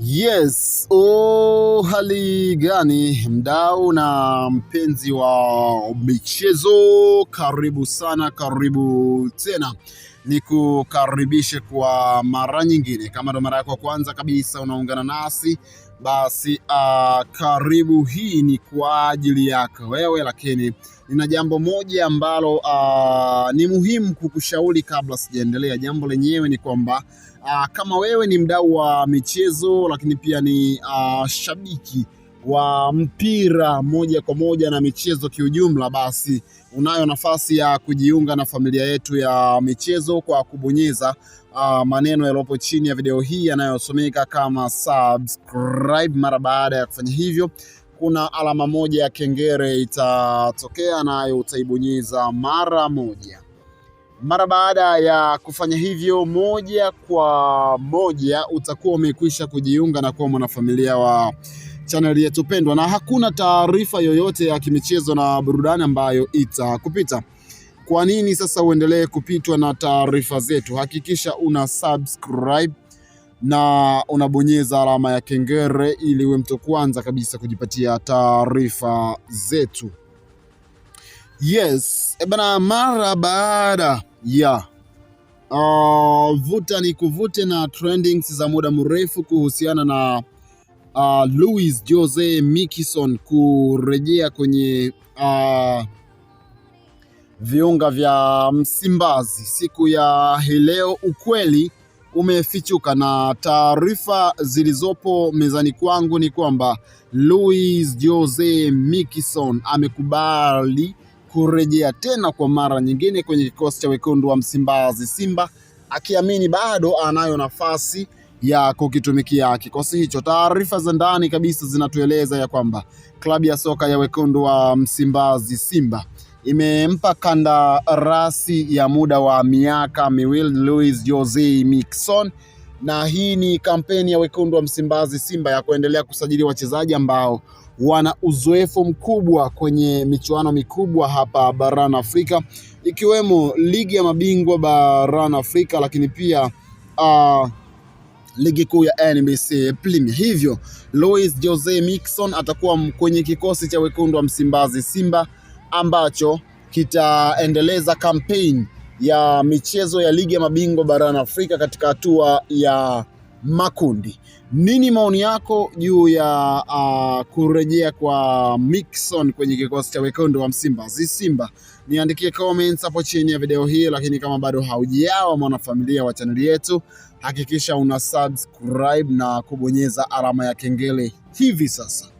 Yes, oh, hali gani mdau na mpenzi wa michezo, karibu sana, karibu tena ni kukaribishe kwa mara nyingine. Kama ndo mara yako ya kwanza kabisa unaungana nasi basi, uh, karibu. Hii ni kwa ajili yako wewe, lakini nina jambo moja ambalo uh, ni muhimu kukushauri kabla sijaendelea. Jambo lenyewe ni kwamba uh, kama wewe ni mdau wa michezo, lakini pia ni uh, shabiki wa mpira moja kwa moja na michezo kiujumla, basi unayo nafasi ya kujiunga na familia yetu ya michezo kwa kubonyeza uh, maneno yaliyopo chini ya video hii yanayosomeka kama subscribe. Mara baada ya kufanya hivyo kuna alama moja ya kengele itatokea, nayo utaibonyeza mara moja. Mara baada ya kufanya hivyo, moja kwa moja utakuwa umekwisha kujiunga na kuwa mwanafamilia wa chaneli yetu pendwa, na hakuna taarifa yoyote ya kimichezo na burudani ambayo itakupita. Kwa nini sasa uendelee kupitwa na taarifa zetu? Hakikisha una subscribe na unabonyeza alama ya kengele ili uwe mtu kwanza kabisa kujipatia taarifa zetu. Yes, ebana, eh mara baada ya uh, vuta ni kuvute na trendings za muda mrefu kuhusiana na uh, Luis Jose Mikison kurejea kwenye uh, viunga vya Msimbazi siku ya hii leo. Ukweli umefichuka na taarifa zilizopo mezani kwangu ni kwamba Luis Jose Mikison amekubali kurejea tena kwa mara nyingine kwenye kikosi cha wekundu wa Msimbazi Simba, akiamini bado anayo nafasi ya kukitumikia kikosi hicho. Taarifa za ndani kabisa zinatueleza ya kwamba klabu ya soka ya wekundu wa Msimbazi Simba imempa kanda rasi ya muda wa miaka miwili Luis Jose Miquissone na hii ni kampeni ya wekundu wa Msimbazi Simba ya kuendelea kusajili wachezaji ambao wana uzoefu mkubwa kwenye michuano mikubwa hapa barani Afrika ikiwemo ligi ya mabingwa barani Afrika, lakini pia uh, ligi kuu ya NBC Plimi. Hivyo Luis Jose Mixon atakuwa kwenye kikosi cha wekundu wa Msimbazi Simba ambacho kitaendeleza kampeni ya michezo ya ligi ya mabingwa barani Afrika katika hatua ya makundi. Nini maoni yako juu ya uh, kurejea kwa Mixon kwenye kikosi cha wekundu wa Msimba zi Simba? Niandikie comments hapo chini ya video hii, lakini kama bado haujawa mwanafamilia wa chaneli yetu, hakikisha una subscribe na kubonyeza alama ya kengele hivi sasa